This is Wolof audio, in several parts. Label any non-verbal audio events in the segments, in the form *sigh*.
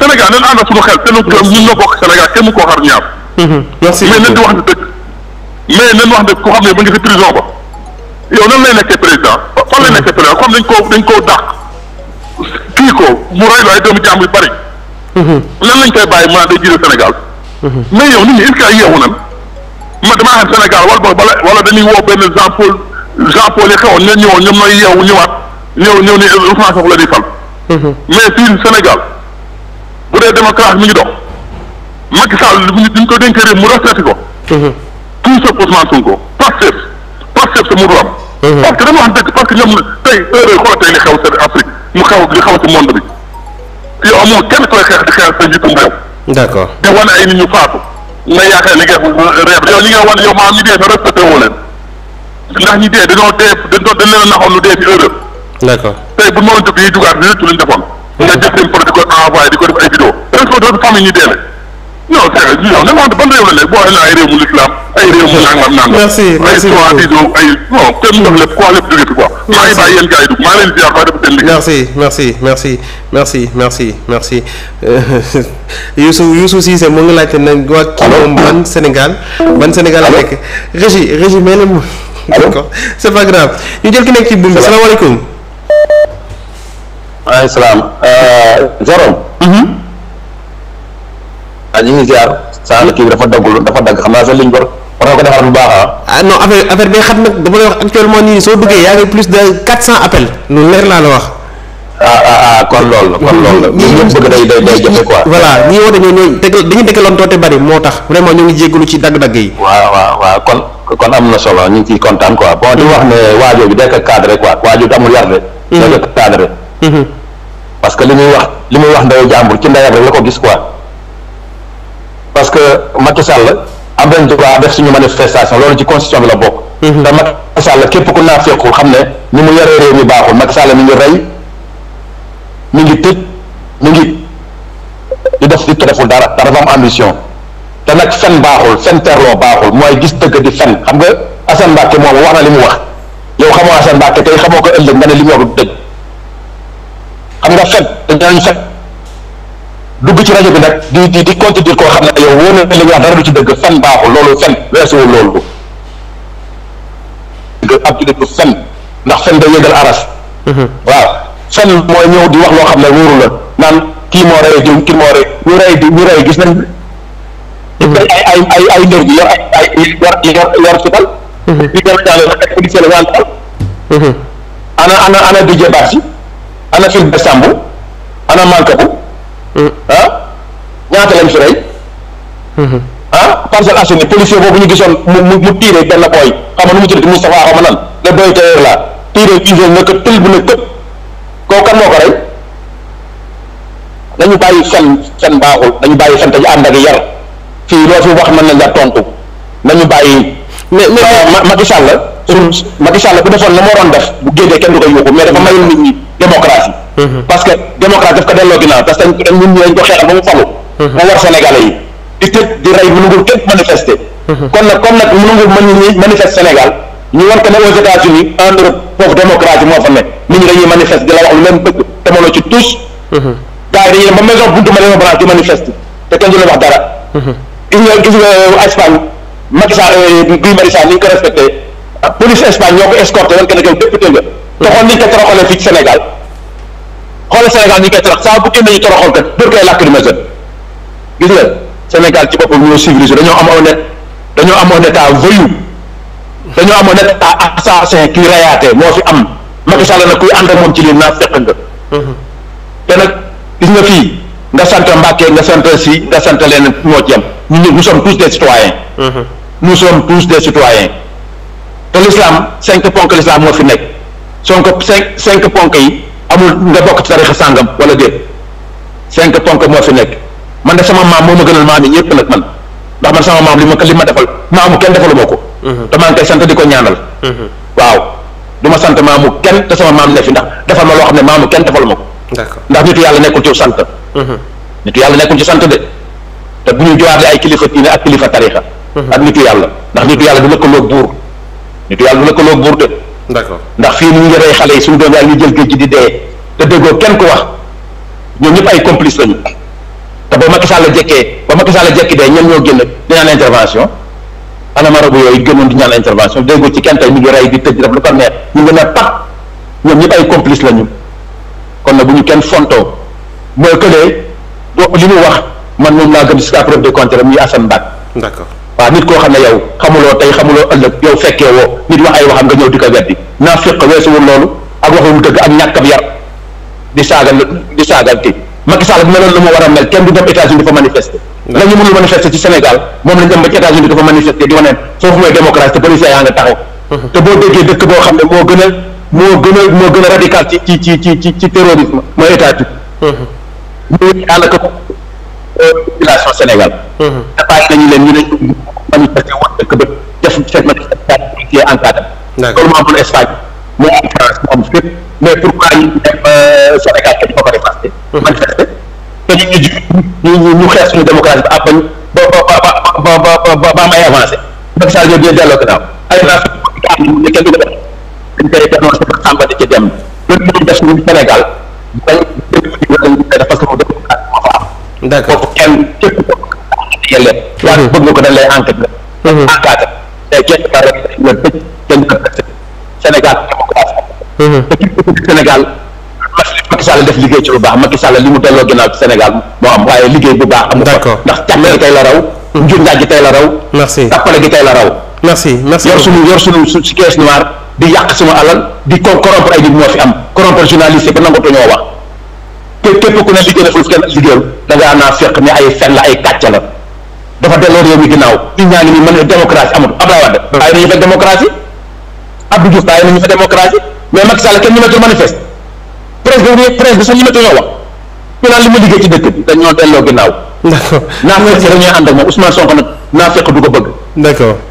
Sénégal nañ ànd ak suñu xel te ñun ñoo bokk Sénégal kenn mu koo xar ñaar. Mhm. merci mais nañ di wax ne dëgg mais nañ wax ne ku xam ne ba nga fi prison ba yow nan lay nekkee président fan lay mhm. nekkee président comme dañ koo dañ koo dàq kii ko mu rey la ay doomu jàmm yu bari. lan mhm. lañ koy bàyyi maanaam day jiite Sénégal. mais yow nit ñi est-ce que ay yeewu nan ma damaa xam Sénégal wala boog bala wala dañuy woo benn Jean Paul Jean Paul yi xewoon ñoo ñëwoon ñoom ñooy yeewu ñëwaat ñëw ñëw ni euh, Ousmane Sonko la di fal. mais fii Sénégal. dee démocratie mi ngi dox Macky Sall li ñu ko dénkee réew mu retraité ko. Mhm. tout ce Ousmane Sonko Pastef Pastef sa mënul am. Mhm. parce que dama wax dëgg parce que ñoom tey heure yoo xoolee li xew seen Afrique mu xew li xew si monde bi yow amul kenn koy xeex di xeex sa njiitum réew. d'accord di wane ay nit ñu faatu nga yaakaar li nga réew yow li nga wan yow maam ñu dee sa respecté woo leen ndax ñi dee dañoo dee dañoo dañ leen a naxoon lu dee ci heure. d'accord tey bu ñu mënoon jóg yiy jugaat lépp lu ñu defoon. Mhm. nga jël seen projet di ko envoyé di ko def ay rek famille ñu dee la non c' est vrai yow da nga xamante ban réew la léegi boo xam ne ay réew mu lislaam ay réew mu nangam nangam. merci merci ay trois diso ay non kenn dox lépp quoi lépp jóge fi quoi. maa ngi bàyyi yéen gars yi dugg maa leen ziar ba def seen liggéey. merci merci merci merci merci merci euh, *laughs* Youssou Youssou Cissé mu ngi laajte nag waa kii moom ban Sénégal. ban Sénégal la nekk régi régi mais la mu. *laughs* d'accord c' est pas grave ñu jël ki nekk ci buum bi salaamaaleykum. maaleykum salaam. Euh, Jérôme. Mhm. ah ñu ngi ziar saa kii bi dafa daggul dafa dagg xam naa sa liñ ah. Ah, nii ah, kon loolu la kon ci wax ne waajoo bi dekk cadre quoi waajoo bi yar de. Mhm. Mhm. parce que li muy wax li muy wax ndaw jàmbur ci ndeyam rek la ko gis quoi. parce que Macky Sall am nañ droit def suñu manifestation loolu ci constitution bi la bokk. Mhm. te Macky Sall képp ku naa fekkul xam ne ni mu yoree réew mi baaxul Macky Sall mi ngi rey mi ngi tëj mi ngi di def di deful dara par dafa am ambition te nag fen baaxul fen terloo baaxul mooy gis dëgg di fen xam nga Assane Mbacke moomu wax na li mu wax yow xamoo Assane Mbacke tey xamoo ko ëllëg nga ne li mu wax du dëgg xam nga fen dañu fen. dugg ci rajo bi nag di di di contredire koo xam ne yow wóor na li dara du ci dëgg fen baaxul loolu fen weesuwul loolu. ab jullit du fen ndax fen day yëgal aras. Mhm. waaw fen mooy ñëw di wax loo xam ne wóoru la naan kii moo rey jiw kii moo rey ñu rey di ñu rey gis nañ. Mhm. ay ay ay ay ndër gi yor ay ay yor yor yor fital. Mhm. di gërëm daal la ay policiers la ñu àndal. ana ana ana Didier Badji ana Fulbert Sambou leen fi rey mm-hmm. ah Parcelles Assainies policier boobu ñu gisoon mu mu tiiree benn booy xam nga nu mu tuddati Moustapha xam nga nan le boy terreur la tiiree gisee na ko tël bu ne këpp kooku kan moo ko rey nañu bàyyi fen fen baaxul nañu bàyyi fen te ñu ànd ak yar fii loo fi wax mën nañ la tontu nañu bàyyi mais mais Macky Sall su Macky Sall bu defoon la moo doon def bu génnee kenn du koy yuuxu mais dafa mayul nit ñi démocratie mm-hmm. parce que daf ko delloo ginnaaw parce ñun ñi dañ ko xeexal ba mu falu nga war Sénégalais yi di tëj di rey mënugul képp manifester. kon nag comme nag Sénégal ñu war ko ne aux États-Unis en démocratie moo fa nekk nit ñi dañuy di la wax lu leen bëgg te mënoo ci tous. yi dañuy dem ba maison buntu Mariana Branche te kenn du wax dara. gis nga gis nga euh, Espagne Macky Sall euh, ni ñu ah, police Espagne ñoo ko escorté woon kenn ku député nga. te xool gis nga Sénégal ci boppam ñoo civilisé dañoo amoon net dañoo amoon état voyou dañoo amoon état assassin kii rayaate moo fi am Macky Sall nag kuy ànd ak moom ci lii naa fekk nga te nag gis nga fii nga sant Mbàkke nga sant si nga sant leen moo ci am ñu ñëpp nous sommes tous des citoyens nous sommes tous des citoyens te l'islam cinq ponk l'islam moo fi nekk son cinq cinq ponk yi amul nga bokk ci tarixa sàngam wala déet cinq ponk moo fi nekk man de sama maam moo ma gënal maam yi ñëpp nag man ndax man sama maam li ma li ma defal maamu kenn defaluma ko. Mhm. te maa ngi koy sant di ko ñaanal. Mhm. waaw du ma sant maamu kenn te sama maam ne fi ndax defal ma loo xam ne maamu kenn defaluma ko. ndax nitu yàlla nekkul ci sant. Mhm. nitu yàlla nekkul ci sant de te bu ñu jowaatee ay kilifa diine ak kilifa tarixa ak nitu yàlla ndax nitu yàlla du lëkkaloog buur nitu yàlla du lëkkaloog buur de. ndax fii ñu ngi rey xale yi suñu doom yaa jël géej gi di te déggoo kenn ku wax ñoom ñëpp ay complice lañu. te ba Macky Sall jekkee ba Macky Sall jekki dee ñoom ñoo génn di naan intervention ana marabu yooyu gënoon di ñaan intervention déggoo ci kenn tey mi ngi rey di tëj di def lu ko neex ñu ngi ne pat ñoom kon na bu ñu kenn fontoo mooy que de li ñu wax man moom laa gëm jusqu'à preuve de contraire muy Assane Mbacke. d'accord waa nit koo xam ne yow xamuloo tey xamuloo ëllëg yow fekkee woo nit wax ay waxam nga ñëw di ko weddi naa fekk weesuwul loolu ak waxum dëgg ak ñàkk ab yar di saagal di saagal ti Macky bu meloon lu ma war a mel kenn du dem États-Unis fa manifester la ñu mënul manifester ci Sénégal moom lañ dem ba ci États-Unis dafa manifester di waneen foofu mooy démocratie te policiers nga taxaw mhm. te boo déggee dëkk boo xam ne moo gën a moo gën a moo gën a radical ci ci ci ci ci ci terrorisme mooy États-Unis ñooñu daanaka leen ñu ne dëkk ba def seen manifestation policier encadré loolu moo amul Espagne moo am France moo am fépp mais pourquoi ñu dem euh, manifester te ñu ñu ji ñu ñu xeex suñu démocratie ba àppañ ba ba ba ba ba am ay avancé Macky Sall ko def dañ koy dénoncé ba sàmbati ci dem loolu Sénégal bañ mhm. mhm. Sénégal Sall def liggéey ci delloo ginnaaw ci Sénégal moo am waaye liggéey bu baax. am d'accord ndax càmmeel tey la raw. Mm-hmm. njur njaaj gi tey la raw. merci tappale si caisse di yàq moo fi am corrompre journaliste ba nangatu ñoo wax te képp ku ne liggéey na fu kenn liggéeyul da ngaa naa fekk ne ay fen la ay kàcce la dafa delloo réew mi ñu na démocratie amul Abdoulaye Wade bàyyi fa démocratie mais Macky Sall kenn ñu ma manifeste presse bi presse bi sax ñu li ma liggéey ci dëkk bi dañoo delloo ginnaaw. d' accord naa fekk dañuy ànd ak moom Ousmane Sonko nag naa du ko bëgg. d'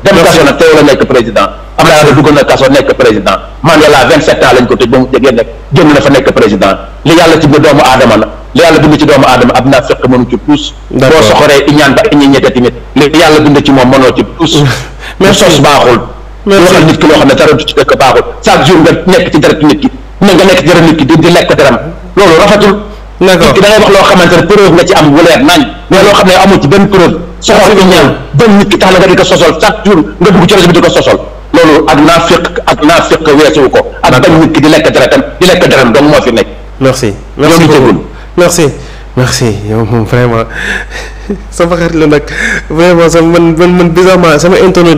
dem kaso nag teew la nekk président. Abdoulaye Wade dugg na kaso na ci doomu aadama la. yàlla bind ci doomu aadama ab naa mënu ci puus. d' accord boo soxoree *laughs* ci dara du nit ki. mën nga nekk jërë nit ki di di lekk deram loolu rafetul. d'accord nit ki da ngay wax loo xamante ne preuve nga ci am bu leer nañ. mais loo xam ne amul ci benn preuve. soxor bi ñaan benn nit ki tax la nga di ko sosol chaque jour nga dugg ci réseau bi di ko sosol loolu ak naa féq ak naa féq weesuwu ko. ak benn nit ki di lekk deretam di lekk deram donc moo fi nekk. merci merci beaucoup merci merci yow moom vraiment *laughs* sama xarit la nag vraiment sama man man man bizarrement sama internet.